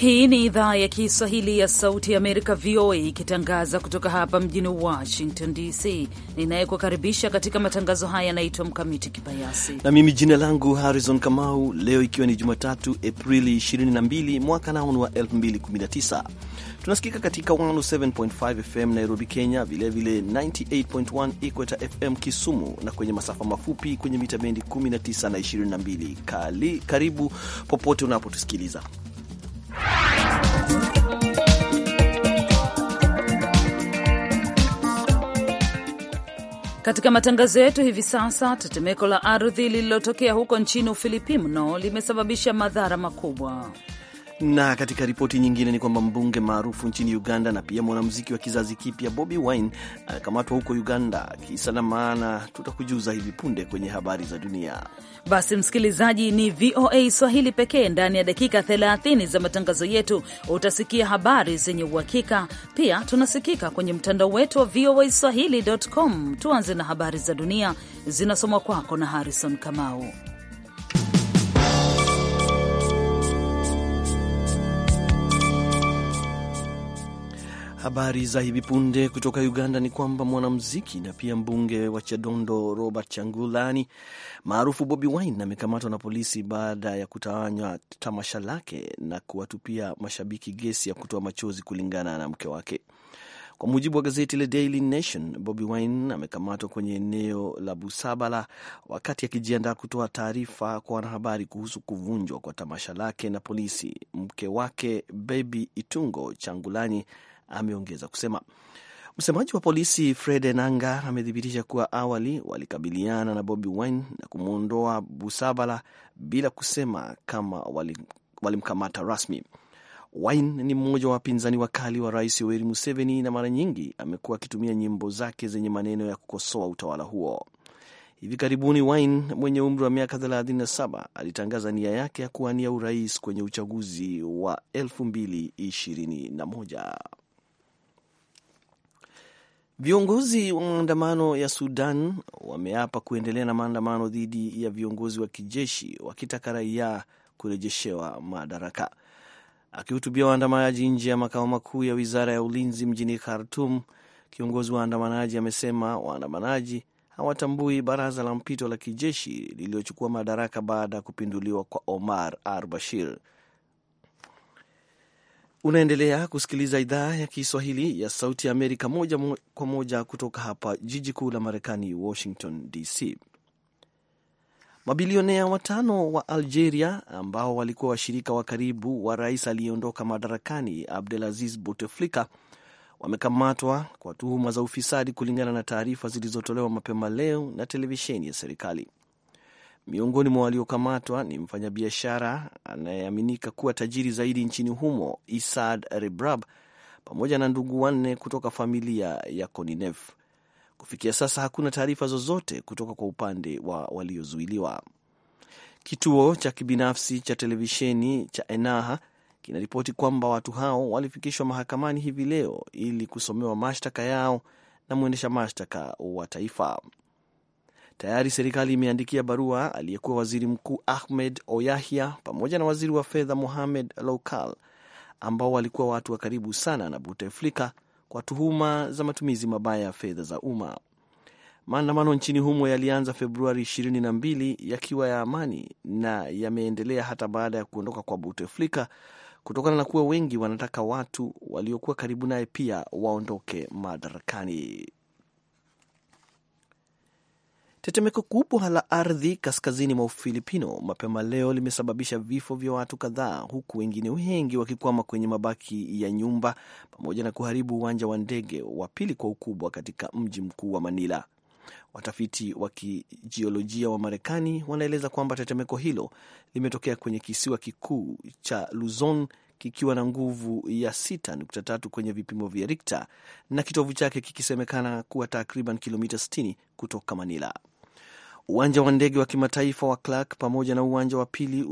Hii ni idhaa ya Kiswahili ya Sauti ya Amerika, VOA, ikitangaza kutoka hapa mjini Washington DC. Ninayekukaribisha katika matangazo haya yanaitwa Mkamiti Kibayasi na mimi jina langu Harrison Kamau. Leo ikiwa ni Jumatatu, Aprili 22 mwaka naunu wa 2019, tunasikika katika 107.5 FM Nairobi, Kenya, vilevile 98.1 Equator FM Kisumu, na kwenye masafa mafupi kwenye mita bendi 19 na 22. Kali, karibu popote unapotusikiliza katika matangazo yetu hivi sasa, tetemeko la ardhi lililotokea huko nchini Ufilipino limesababisha madhara makubwa. Na katika ripoti nyingine ni kwamba mbunge maarufu nchini Uganda na pia mwanamuziki wa kizazi kipya Bobi Wine anakamatwa huko Uganda. Kisa na maana tutakujuza hivi punde kwenye habari za dunia. Basi msikilizaji, ni VOA Swahili pekee ndani ya dakika 30 za matangazo yetu utasikia habari zenye uhakika. Pia tunasikika kwenye mtandao wetu wa VOA Swahili.com. Tuanze na habari za dunia zinasomwa kwako na Harrison Kamau. Habari za hivi punde kutoka Uganda ni kwamba mwanamuziki na pia mbunge wa Chadondo Robert Changulani maarufu Bobi Wine amekamatwa na polisi baada ya kutawanywa tamasha lake na kuwatupia mashabiki gesi ya kutoa machozi, kulingana na mke wake. Kwa mujibu wa gazeti la Daily Nation, Bobi Wine amekamatwa kwenye eneo la Busabala wakati akijiandaa kutoa taarifa kwa wanahabari kuhusu kuvunjwa kwa tamasha lake na polisi. Mke wake Baby Itungo Changulani ameongeza kusema. Msemaji wa polisi Fred Enanga amethibitisha kuwa awali walikabiliana na Bobi Wine na kumwondoa Busabala bila kusema kama walimkamata wali rasmi. Wine ni mmoja wa wapinzani wakali wa rais Yoweri Museveni na mara nyingi amekuwa akitumia nyimbo zake zenye maneno ya kukosoa utawala huo. Hivi karibuni Wine mwenye umri wa miaka 37 alitangaza nia yake ya kuwania urais kwenye uchaguzi wa 2021. Viongozi wa maandamano ya Sudan wameapa kuendelea na maandamano dhidi ya viongozi wa kijeshi wakitaka raia kurejeshewa madaraka. Akihutubia waandamanaji nje ya makao makuu ya wizara ya ulinzi mjini Khartum, kiongozi wa waandamanaji amesema waandamanaji hawatambui baraza la mpito la kijeshi lililochukua madaraka baada ya kupinduliwa kwa Omar al Bashir. Unaendelea kusikiliza idhaa ya Kiswahili ya Sauti ya Amerika moja kwa moja kutoka hapa jiji kuu la Marekani, Washington DC. Mabilionea watano wa Algeria ambao walikuwa washirika wa karibu wa rais aliyeondoka madarakani Abdelaziz Bouteflika wamekamatwa kwa tuhuma za ufisadi, kulingana na taarifa zilizotolewa mapema leo na televisheni ya serikali. Miongoni mwa waliokamatwa ni mfanyabiashara anayeaminika kuwa tajiri zaidi nchini humo Isad Rebrab pamoja na ndugu wanne kutoka familia ya Koninef. Kufikia sasa hakuna taarifa zozote kutoka kwa upande wa waliozuiliwa. Kituo cha kibinafsi cha televisheni cha Enaha kinaripoti kwamba watu hao walifikishwa mahakamani hivi leo ili kusomewa mashtaka yao na mwendesha mashtaka wa taifa. Tayari serikali imeandikia barua aliyekuwa waziri mkuu Ahmed Oyahya pamoja na waziri wa fedha Mohamed Loukal ambao walikuwa watu wa karibu sana na buteflika kwa tuhuma za matumizi mabaya ya fedha za umma. Maandamano nchini humo yalianza Februari 22 yakiwa ya amani na yameendelea hata baada ya kuondoka kwa buteflika kutokana na kuwa wengi wanataka watu waliokuwa karibu naye pia waondoke madarakani. Tetemeko kubwa la ardhi kaskazini mwa Ufilipino mapema leo limesababisha vifo vya watu kadhaa, huku wengine wengi wakikwama kwenye mabaki ya nyumba pamoja na kuharibu uwanja wa ndege wa pili kwa ukubwa katika mji mkuu wa Manila. Watafiti wa kijiolojia wa Marekani wanaeleza kwamba tetemeko hilo limetokea kwenye kisiwa kikuu cha Luzon kikiwa na nguvu ya 6.3 kwenye vipimo vya Richter na kitovu chake kikisemekana kuwa takriban kilomita 60 kutoka Manila uwanja wa ndege wa kimataifa wa Clark pamoja na uwanja wa pili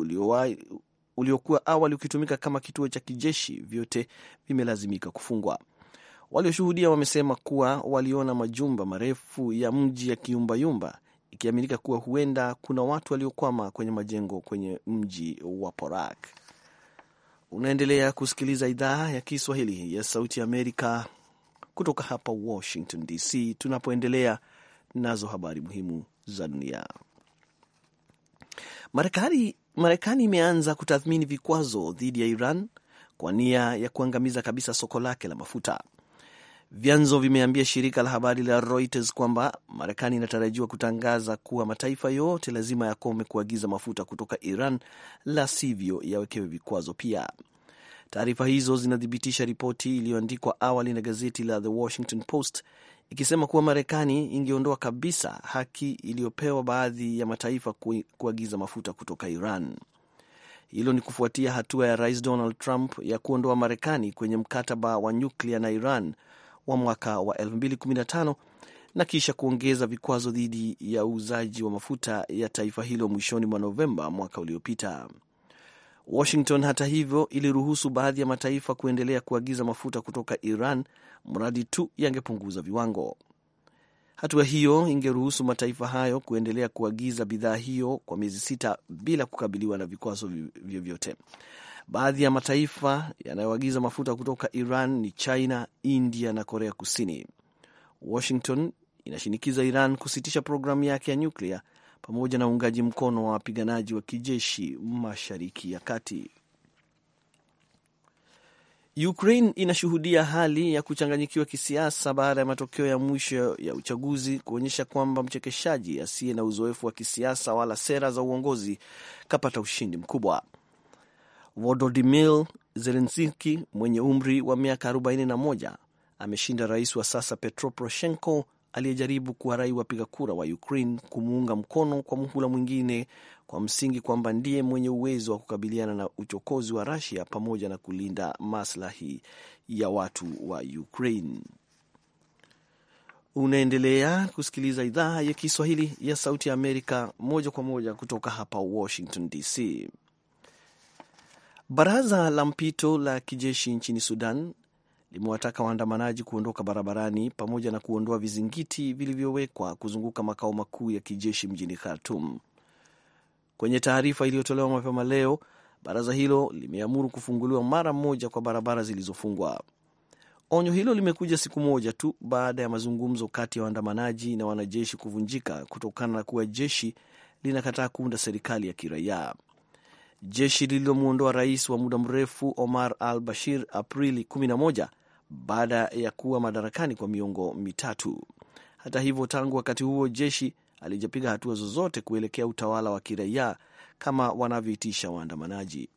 uliokuwa awali ukitumika kama kituo cha kijeshi, vyote vimelazimika kufungwa. Walioshuhudia wamesema kuwa waliona majumba marefu ya mji ya kiumbayumba, ikiaminika kuwa huenda kuna watu waliokwama kwenye majengo kwenye mji wa Porak. Unaendelea kusikiliza idhaa ya Kiswahili ya Sauti Amerika kutoka hapa Washington DC, tunapoendelea nazo habari muhimu za dunia. Marekani imeanza kutathmini vikwazo dhidi ya Iran kwa nia ya kuangamiza kabisa soko lake la mafuta. Vyanzo vimeambia shirika la habari la Reuters kwamba Marekani inatarajiwa kutangaza kuwa mataifa yote lazima yakome kuagiza mafuta kutoka Iran, la sivyo yawekewe vikwazo pia. Taarifa hizo zinathibitisha ripoti iliyoandikwa awali na gazeti la The Washington Post ikisema kuwa Marekani ingeondoa kabisa haki iliyopewa baadhi ya mataifa kuagiza mafuta kutoka Iran. Hilo ni kufuatia hatua ya Rais Donald Trump ya kuondoa Marekani kwenye mkataba wa nyuklia na Iran wa mwaka wa 2015 na kisha kuongeza vikwazo dhidi ya uuzaji wa mafuta ya taifa hilo mwishoni mwa Novemba mwaka uliopita. Washington hata hivyo iliruhusu baadhi ya mataifa kuendelea kuagiza mafuta kutoka Iran mradi tu yangepunguza viwango. Hatua hiyo ingeruhusu mataifa hayo kuendelea kuagiza bidhaa hiyo kwa miezi sita bila kukabiliwa na vikwazo vyovyote. Baadhi ya mataifa yanayoagiza mafuta kutoka Iran ni China, India na Korea Kusini. Washington inashinikiza Iran kusitisha programu yake ya nyuklia pamoja na uungaji mkono wa wapiganaji wa kijeshi mashariki ya kati. Ukraine inashuhudia hali ya kuchanganyikiwa kisiasa baada ya matokeo ya mwisho ya uchaguzi kuonyesha kwamba mchekeshaji asiye na uzoefu wa kisiasa wala sera za uongozi kapata ushindi mkubwa. Volodymyr Zelensky mwenye umri wa miaka 41 ameshinda rais wa sasa Petro Poroshenko aliyejaribu kuwarai wapiga kura wa Ukraine kumuunga mkono kwa muhula mwingine kwa msingi kwamba ndiye mwenye uwezo wa kukabiliana na uchokozi wa Russia pamoja na kulinda maslahi ya watu wa Ukraine. Unaendelea kusikiliza idhaa ya Kiswahili ya Sauti ya Amerika moja kwa moja kutoka hapa Washington DC. Baraza la mpito la kijeshi nchini Sudan limewataka waandamanaji kuondoka barabarani pamoja na kuondoa vizingiti vilivyowekwa kuzunguka makao makuu ya kijeshi mjini Khartum. Kwenye taarifa iliyotolewa mapema leo, baraza hilo limeamuru kufunguliwa mara moja kwa barabara zilizofungwa. Onyo hilo limekuja siku moja tu baada ya mazungumzo kati ya waandamanaji na wanajeshi kuvunjika kutokana na kuwa jeshi linakataa kuunda serikali ya kiraia. Jeshi lililomwondoa rais wa muda mrefu Omar al Bashir Aprili baada ya kuwa madarakani kwa miongo mitatu. Hata hivyo, tangu wakati huo jeshi alijapiga hatua zozote kuelekea utawala wa kiraia kama wanavyoitisha waandamanaji.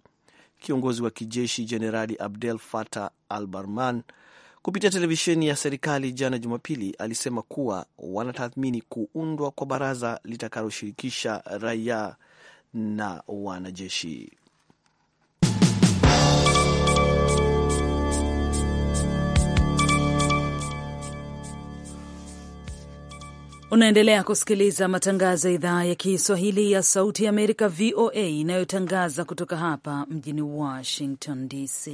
Kiongozi wa kijeshi Jenerali Abdel Fattah al-Burhan kupitia televisheni ya serikali jana Jumapili alisema kuwa wanatathmini kuundwa kwa baraza litakaloshirikisha raia na wanajeshi. Unaendelea kusikiliza matangazo ya idhaa ya Kiswahili ya Sauti ya Amerika, VOA, inayotangaza kutoka hapa mjini Washington DC.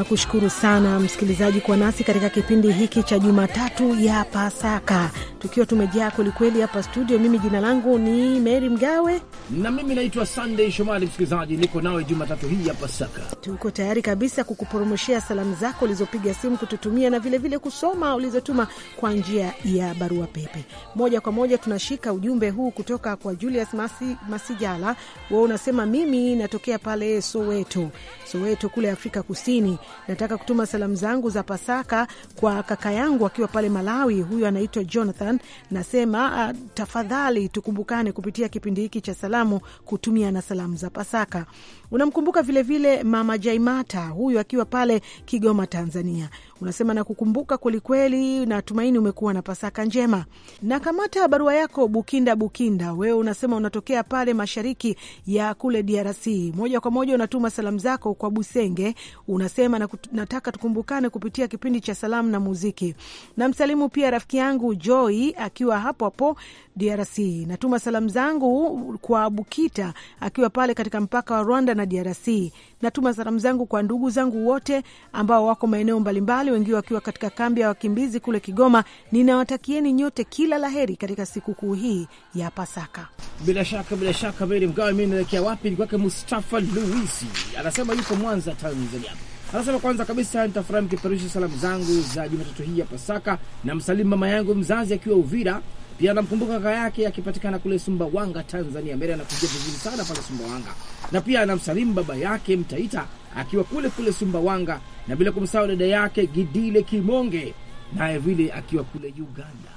Tunakushukuru sana msikilizaji kwa nasi katika kipindi hiki cha Jumatatu ya Pasaka, tukiwa tumejaa kwelikweli hapa studio. Mimi jina langu ni Meri Mgawe na mimi naitwa Sunday Shomali. Msikilizaji, niko nawe Jumatatu hii ya Pasaka. Tuko tayari kabisa kukuporomoshea salamu zako ulizopiga simu kututumia na vilevile vile kusoma ulizotuma kwa njia ya barua pepe. Moja kwa moja tunashika ujumbe huu kutoka kwa Julius Masi, Masijala. Wewe unasema mimi natokea pale Soweto, Soweto kule Afrika Kusini nataka kutuma salamu zangu za Pasaka kwa kaka yangu akiwa pale Malawi, huyu anaitwa Jonathan. Nasema uh, tafadhali tukumbukane kupitia kipindi hiki cha salamu, kutumia na salamu za Pasaka. Unamkumbuka vilevile vile Mama Jaimata huyu akiwa pale Kigoma, Tanzania. Unasema nakukumbuka kwelikweli, natumaini umekuwa na Pasaka njema. Na kamata barua yako Bukinda Bukinda, wewe unasema unatokea pale mashariki ya kule DRC. Moja kwa moja unatuma salamu zako kwa Busenge, unasema nataka tukumbukane kupitia kipindi cha salamu na muziki. Namsalimu pia rafiki yangu Joy akiwa hapo hapo DRC. Natuma salamu zangu kwa Bukita akiwa pale katika mpaka wa Rwanda na DRC. Natuma salamu zangu kwa ndugu zangu wote ambao wako maeneo mbalimbali, wengi wakiwa katika kambi ya wakimbizi kule Kigoma. Ninawatakieni nyote kila laheri katika sikukuu hii ya Pasaka. Bila shaka, bila shaka, Meri Mgawe. mi naelekea wapi? Ni kwake Mustafa Luisi, anasema yuko Mwanza, Tanzania. Anasema kwanza kabisa nitafurahi mkipeperusha salamu zangu za Jumatatu hii ya Pasaka na msalimu mama yangu mzazi akiwa Uvira pia anamkumbuka kaka yake akipatikana kule Sumbawanga, Tanzania. Mbele anakuja vizuri sana pale Sumbawanga, na pia anamsalimu baba yake Mtaita akiwa kule kule Sumbawanga, na bila kumsahau dada yake Gidile Kimonge naye vile akiwa kule Uganda.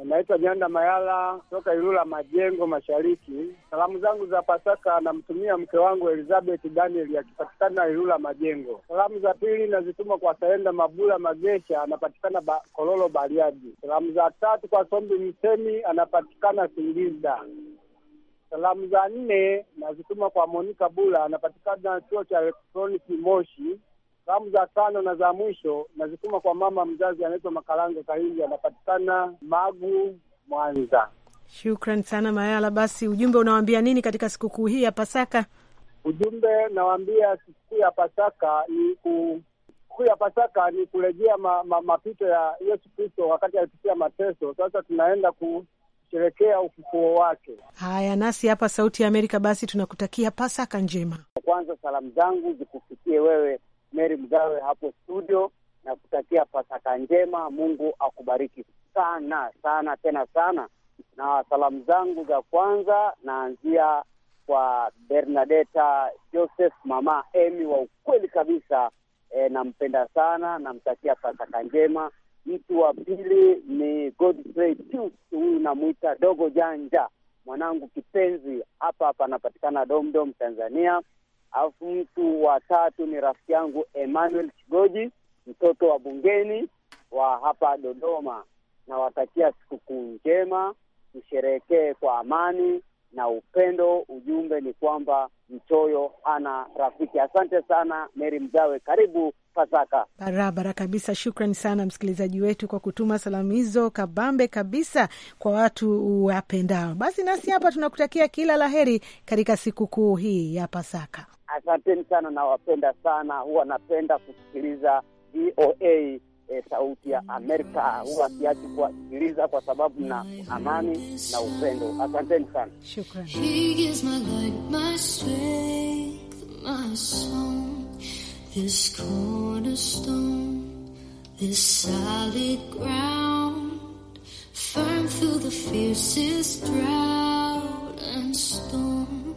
Eh, naitwa Nyanda Mayala toka Ilula Majengo Mashariki. Salamu zangu za Pasaka namtumia mke wangu Elizabeth Daniel akipatikana Ilula Majengo. Salamu za pili nazituma kwa saenda Mabula Magesha anapatikana ba, Kololo Bariadi. Salamu za tatu kwa Sombi Msemi anapatikana Singinda. Salamu za nne nazituma kwa monika Bula anapatikana chuo cha elektroniki Moshi. Salamu za tano na za mwisho nazituma kwa mama mzazi anaitwa Makalanga Kahinji, anapatikana Magu, Mwanza. Shukran sana Mayala. Basi ujumbe unawaambia nini katika sikukuu hii ya Pasaka? Ujumbe nawaambia sikukuu ya Pasaka ni ku ya Pasaka ni kurejea ma, ma, mapito ya Yesu Kristo wakati alipitia mateso. Sasa tunaenda kusherekea ufufuo wake. Haya, nasi hapa Sauti ya Amerika basi tunakutakia Pasaka njema. Kwanza salamu zangu zikufikie wewe Mary Mgawe hapo studio na kutakia Pasaka njema. Mungu akubariki sana sana tena sana, na salamu zangu za kwanza naanzia kwa Bernadeta Joseph, mama Emi wa ukweli kabisa. E, nampenda sana, namtakia Pasaka njema. Mtu wa pili ni Godfrey huyu namwita dogo janja, mwanangu kipenzi, hapa hapa anapatikana Domdom Tanzania alafu mtu wa tatu ni rafiki yangu Emmanuel Kigoji, mtoto wa bungeni wa hapa Dodoma. Nawatakia sikukuu njema, msherehekee kwa amani na upendo. Ujumbe ni kwamba mchoyo hana rafiki. Asante sana Meri Mgawe, karibu Pasaka. Barabara kabisa. shukran sana msikilizaji wetu kwa kutuma salamu hizo kabambe kabisa kwa watu wapendao. Basi nasi hapa tunakutakia kila laheri katika sikukuu hii ya Pasaka. Asanteni sana, nawapenda sana. Huwa napenda kusikiliza VOA E, eh, Sauti ya Amerika huwa siachi kuwasikiliza kwa sababu na amani na upendo. Asanteni sana, shukrani. This cornerstone, this solid ground, firm through the fiercest drought and storm.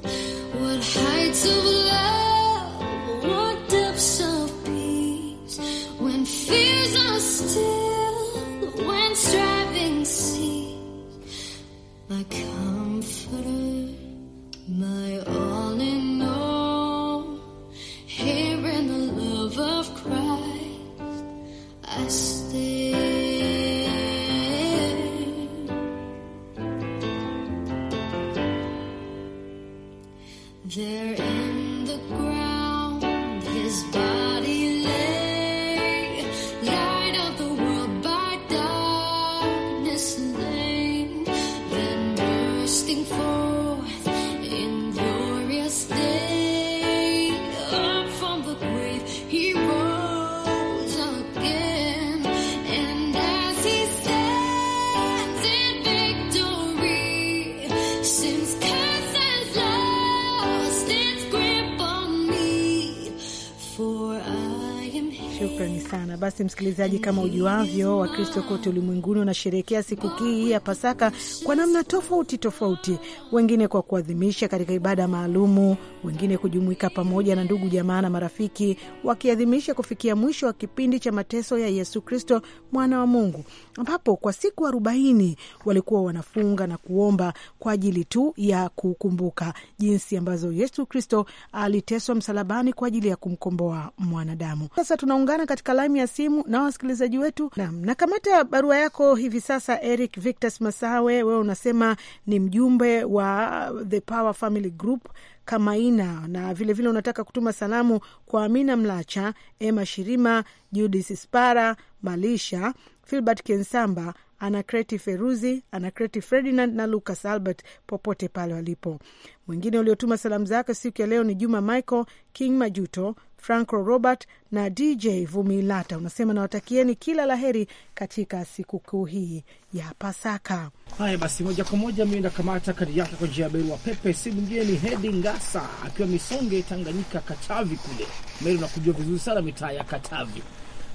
basi, msikilizaji, kama ujuavyo, Wakristo kote ulimwenguni wanasherehekea kii hii ya Pasaka kwa namna tofauti tofauti, wengine kwa kuadhimisha katika ibada maalumu, wengine kujumuika pamoja na ndugu jamaa na marafiki, wakiadhimisha kufikia mwisho wa kipindi cha mateso ya Yesu Kristo mwana wa Mungu, ambapo kwa siku arobaini walikuwa wanafunga na kuomba kwa ajili tu ya kukumbuka jinsi ambazo Yesu Kristo aliteswa msalabani kwa ajili ya kumkomboa mwanadamu. Sasa tunaungana katika laimu ya simu na wasikilizaji wetu. Naam, nakamata barua yako hivi sasa, Eric victos Masawe. Wewe unasema ni mjumbe wa The Power Family Group Kamaina, na vilevile vile unataka kutuma salamu kwa Amina Mlacha, Emma Shirima, Judith Spara, Malisha Filbert Kensamba, Anakreti Feruzi, Anacreti Ferdinand na Lucas Albert popote pale walipo. Mwingine uliotuma salamu zake siku ya leo ni Juma Michael King Majuto, Franco Robert na DJ Vumilata unasema nawatakieni kila laheri katika sikukuu hii ya Pasaka. Haya basi, moja kwa moja mi nakamata kadi yake kwa njia ya barua pepe. Si mwingine ni Hedi Ngasa akiwa Misonge, Tanganyika, Katavi kule. Meri, unakujua vizuri sana mitaa ya Katavi.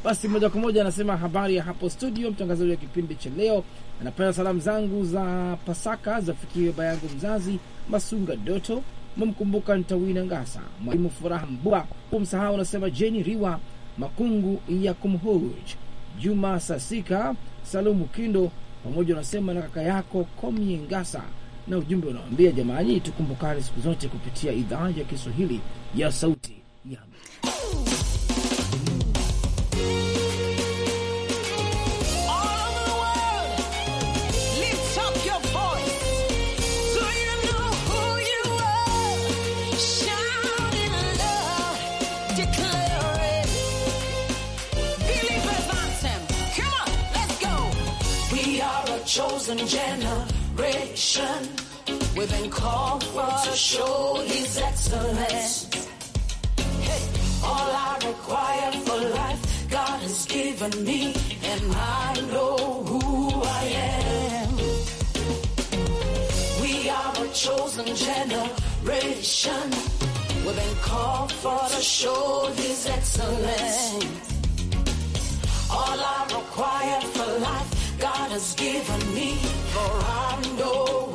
Basi moja kwa moja anasema habari ya hapo studio, mtangazaji wa kipindi cha leo. Anapenda salamu zangu za Pasaka zafikiwe baba yangu mzazi Masunga Doto mmkumbuka Ntawina Ngasa, Mwalimu Furaha Mbua, kumsahau unasema Jeni Riwa, Makungu ya Kumhuj, Juma Sasika, Salumu Kindo pamoja unasema na kaka yako Komye Ngasa, na ujumbe unawambia jamani, tukumbukane siku zote kupitia idhaa ya Kiswahili ya Sauti ya Chosen generation. We've been called for to show His excellence. Hey, all I require for life, God has given me, and I know who I am. We are a chosen generation. We've been called for to show His excellence. All I require for life has given me, for I know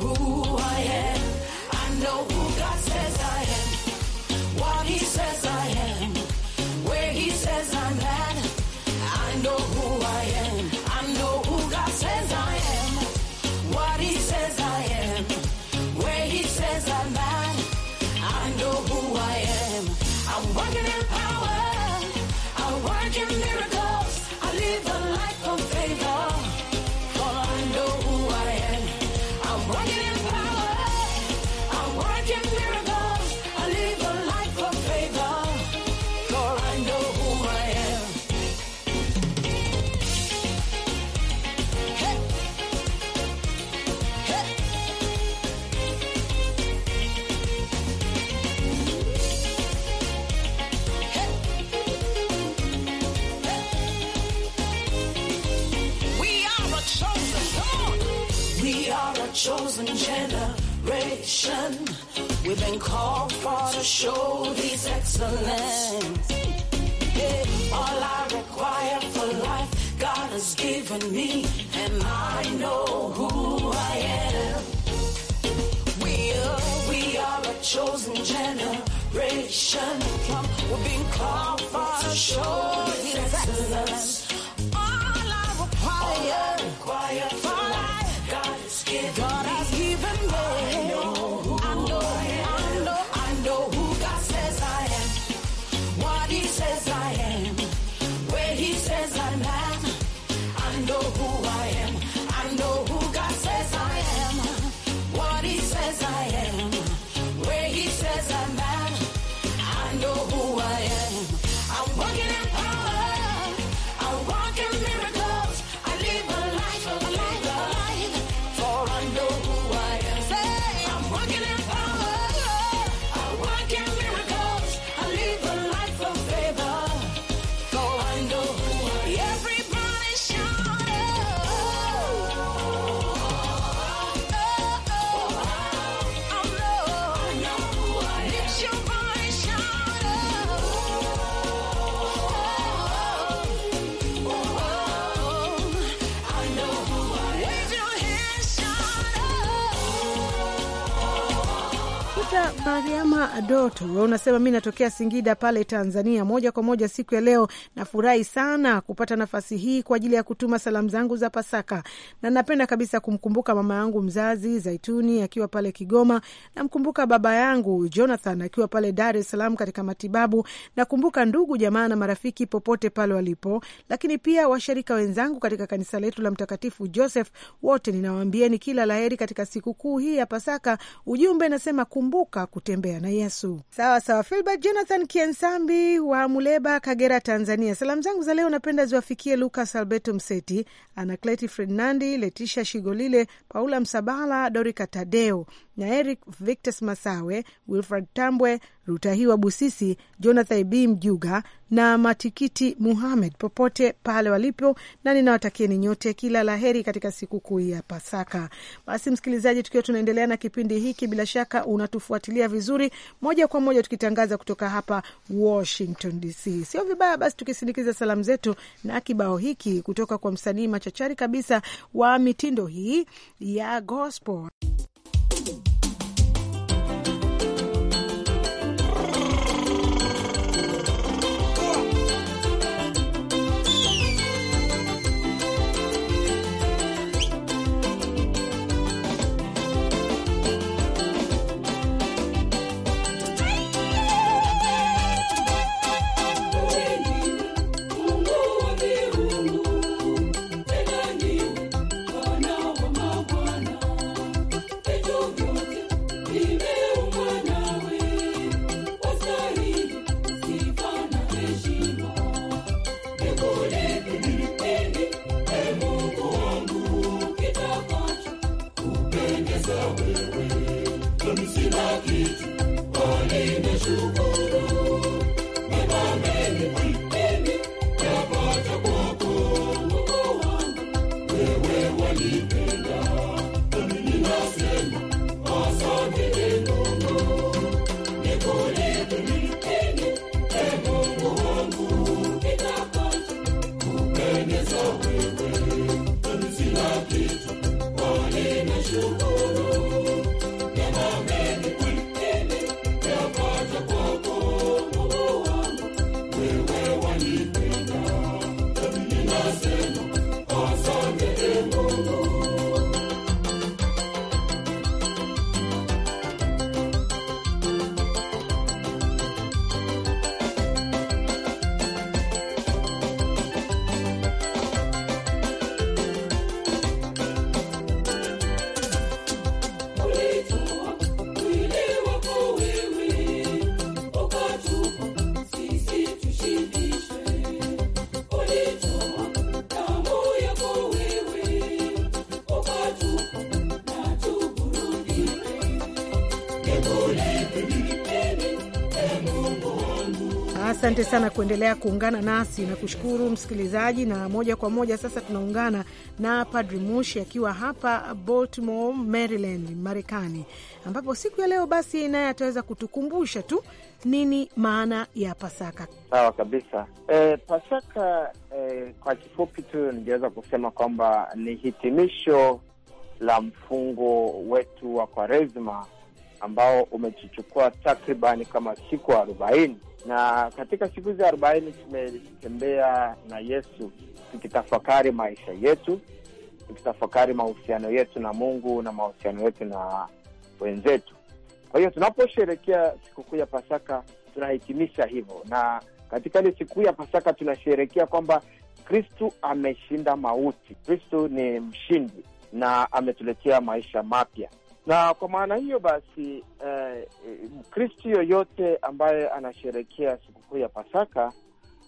chosen generation. We've been called for to show these excellence. All I require for life, God has given me, and I know who I am. We are, we are a chosen generation. we've been called for to show these excellence. All I require. All I require Mariama doto unasema mi natokea Singida pale Tanzania, moja kwa moja siku ya leo. Nafurahi sana kupata nafasi hii kwa ajili ya kutuma salamu zangu za Pasaka, na napenda kabisa kumkumbuka mama yangu mzazi Zaituni akiwa pale Kigoma. Namkumbuka baba yangu Jonathan akiwa pale Dar es Salaam katika matibabu. Nakumbuka ndugu jamaa na marafiki popote pale walipo, lakini pia washirika wenzangu katika kanisa letu la Mtakatifu Joseph, wote ninawaambieni kila laheri katika sikukuu hii ya Pasaka. Ujumbe nasema kumbuka kutembea na Yesu. Sawa sawa. Filbert Jonathan Kiensambi wa Muleba, Kagera, Tanzania, salamu zangu za leo napenda ziwafikie Lucas Alberto Mseti, Anakleti Fernandi, Letisha Shigolile, Paula Msabala, Dorika Tadeo na Eric Victus Masawe, Wilfred Tambwe, Rutahiwa Busisi, Jonathan B Mjuga na Matikiti Muhamed popote pale walipo, na ninawatakieni nyote kila la heri katika sikukuu ya Pasaka. Basi msikilizaji, tukiwa tunaendelea na kipindi hiki, bila shaka unatufuatilia vizuri moja kwa moja tukitangaza kutoka hapa Washington DC. Sio vibaya basi tukisindikiza salamu zetu na kibao hiki kutoka kwa msanii machachari kabisa wa mitindo hii ya gospel. Asante sana kuendelea kuungana nasi na kushukuru msikilizaji, na moja kwa moja sasa tunaungana na Padri Mushi akiwa hapa Baltimore, Maryland, Marekani, ambapo siku ya leo basi naye ataweza kutukumbusha tu nini maana ya Pasaka. Sawa kabisa. E, Pasaka e, kwa kifupi tu ningeweza kusema kwamba ni hitimisho la mfungo wetu wa Kwaresma ambao umechuchukua takribani kama siku arobaini na katika siku hizi arobaini tumetembea na Yesu tukitafakari maisha yetu, tukitafakari mahusiano yetu na Mungu na mahusiano yetu na wenzetu. Kwa hiyo tunaposherekea sikukuu ya Pasaka tunahitimisha hivyo, na katika ile sikukuu ya Pasaka tunasherekea kwamba Kristu ameshinda mauti. Kristu ni mshindi na ametuletea maisha mapya. Na kwa maana hiyo basi, Mkristo eh, yoyote ambaye anasherekea sikukuu ya Pasaka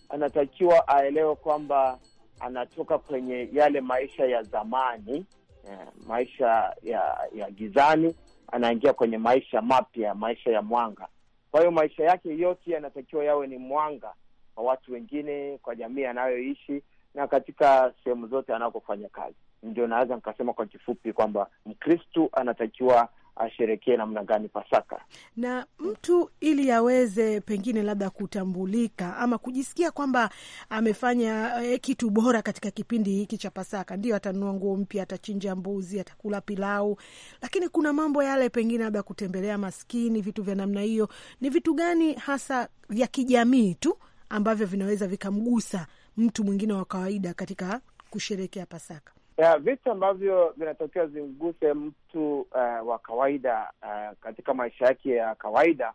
anatakiwa aelewe kwamba anatoka kwenye yale maisha ya zamani eh, maisha ya ya gizani, anaingia kwenye maisha mapya, maisha ya mwanga. Kwa hiyo maisha yake yote yanatakiwa yawe ni mwanga kwa watu wengine, kwa jamii anayoishi na katika sehemu zote anakofanya kazi ndio naweza nikasema kwa kifupi kwamba Mkristu anatakiwa asherekee namna gani Pasaka. Na mtu ili aweze pengine labda kutambulika ama kujisikia kwamba amefanya e, kitu bora katika kipindi hiki cha Pasaka, ndio atanunua nguo mpya, atachinja mbuzi, atakula pilau, lakini kuna mambo yale pengine labda kutembelea maskini, vitu vya namna hiyo. Ni vitu gani hasa vya kijamii tu ambavyo vinaweza vikamgusa mtu mwingine wa kawaida katika kusherekea Pasaka? ya vitu ambavyo vinatokea zimguse mtu uh, wa kawaida uh, katika maisha yake ya kawaida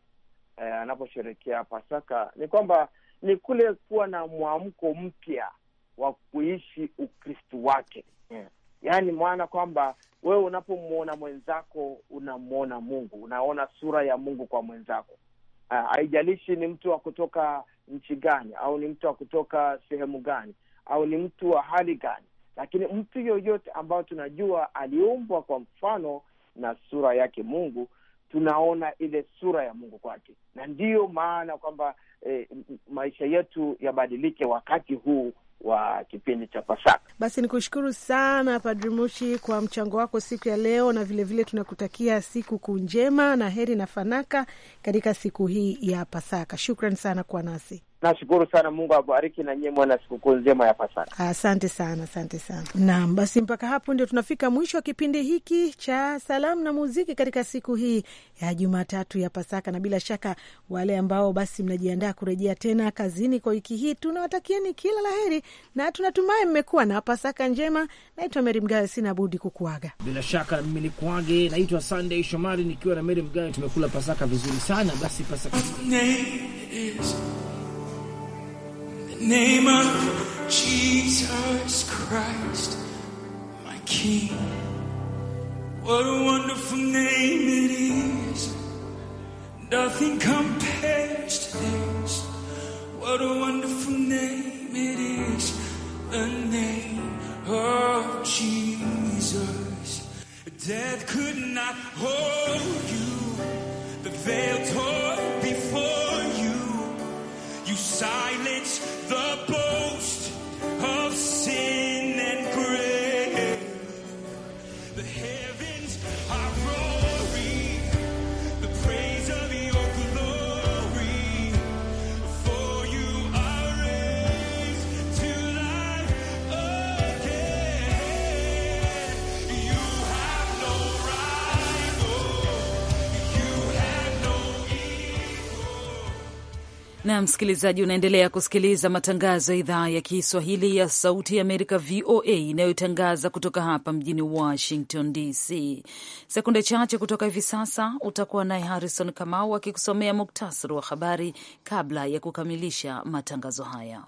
eh, anaposherekea Pasaka ni kwamba ni kule kuwa na mwamko mpya wa kuishi Ukristu wake yeah. Yaani maana kwamba wewe unapomwona mwenzako unamwona Mungu, unaona sura ya Mungu kwa mwenzako. Haijalishi ni mtu wa kutoka nchi gani, au ni mtu wa kutoka sehemu gani, au ni mtu wa hali gani, lakini mtu yoyote ambayo tunajua aliumbwa kwa mfano na sura yake Mungu, tunaona ile sura ya Mungu kwake, na ndiyo maana kwamba eh, maisha yetu yabadilike wakati huu wa kipindi cha Pasaka. Basi ni kushukuru sana Padri Mushi kwa mchango wako siku ya leo, na vilevile vile tunakutakia siku kuu njema na heri na fanaka katika siku hii ya Pasaka. Shukran sana kwa nasi Nashukuru sana, Mungu abariki na nyie, mwana sikukuu njema ya Pasaka. Asante sana, asante sana. Naam, basi mpaka hapo ndio tunafika mwisho wa kipindi hiki cha salamu na muziki katika siku hii ya Jumatatu ya Pasaka, na bila shaka wale ambao basi mnajiandaa kurejea tena kazini kwa wiki hii, tunawatakieni kila la heri na tunatumai mmekuwa na Pasaka njema. Naitwa Meri Mgawe, sina budi kukuaga. Bila shaka mimi ni kuage, naitwa Sunday Shomari nikiwa na Meri Mgawe. Tumekula Pasaka vizuri sana basi Pasaka name of Jesus Christ, my King. What a wonderful name it is. Nothing compares to msikilizaji, unaendelea kusikiliza matangazo ya idhaa ya Kiswahili ya Sauti ya Amerika, VOA, inayotangaza kutoka hapa mjini Washington DC. Sekunde chache kutoka hivi sasa utakuwa naye Harrison Kamau akikusomea muktasari wa habari kabla ya kukamilisha matangazo haya.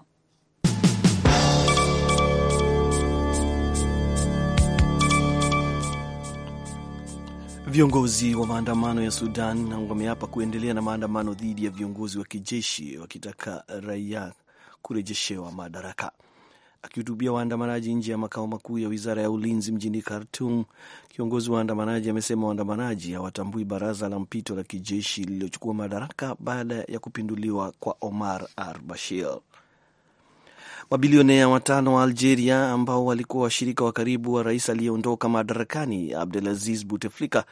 Viongozi wa maandamano ya Sudan wameapa kuendelea na maandamano dhidi ya viongozi wa kijeshi wakitaka raia kurejeshewa madaraka. Akihutubia waandamanaji nje ya makao makuu ya wizara ya ulinzi mjini Khartum, kiongozi wa waandamanaji amesema waandamanaji hawatambui baraza la mpito la kijeshi lililochukua madaraka baada ya kupinduliwa kwa Omar al Bashir. Mabilionea watano wa Algeria ambao walikuwa washirika wa karibu wa rais aliyeondoka madarakani Abdelaziz Bouteflika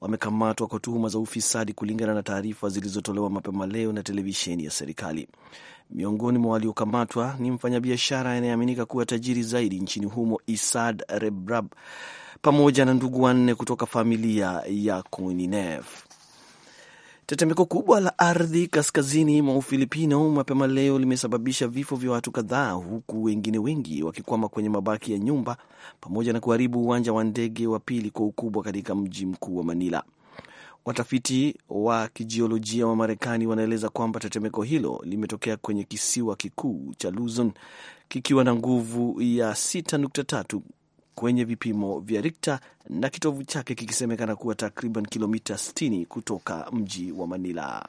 wamekamatwa kwa tuhuma za ufisadi, kulingana na taarifa zilizotolewa mapema leo na televisheni ya serikali. Miongoni mwa waliokamatwa ni mfanyabiashara anayeaminika kuwa tajiri zaidi nchini humo Isad Rebrab pamoja na ndugu wanne kutoka familia ya Koninef. Tetemeko kubwa la ardhi kaskazini mwa Ufilipino mapema leo limesababisha vifo vya watu kadhaa, huku wengine wengi wakikwama kwenye mabaki ya nyumba pamoja na kuharibu uwanja wa ndege wa pili kwa ukubwa katika mji mkuu wa Manila. Watafiti wa kijiolojia wa Marekani wanaeleza kwamba tetemeko hilo limetokea kwenye kisiwa kikuu cha Luzon kikiwa na nguvu ya 6.3 kwenye vipimo vya Richter na kitovu chake kikisemekana kuwa takriban kilomita 60 kutoka mji wa Manila.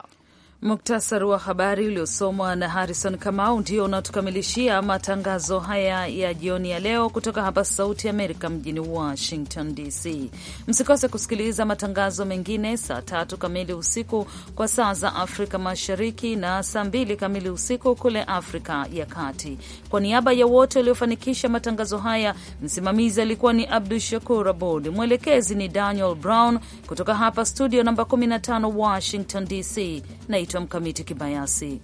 Muktasari wa habari uliosomwa na Harrison Kamau ndio unatukamilishia matangazo haya ya jioni ya leo kutoka hapa Sauti Amerika mjini Washington DC. Msikose kusikiliza matangazo mengine saa tatu kamili usiku kwa saa za Afrika Mashariki na saa mbili kamili usiku kule Afrika ya Kati. Kwa niaba ya wote waliofanikisha matangazo haya, msimamizi alikuwa ni Abdu Shakur abud mwelekezi ni Daniel Brown. Kutoka hapa studio namba 15 Washington DC naitwa Mkamiti Kibayasi.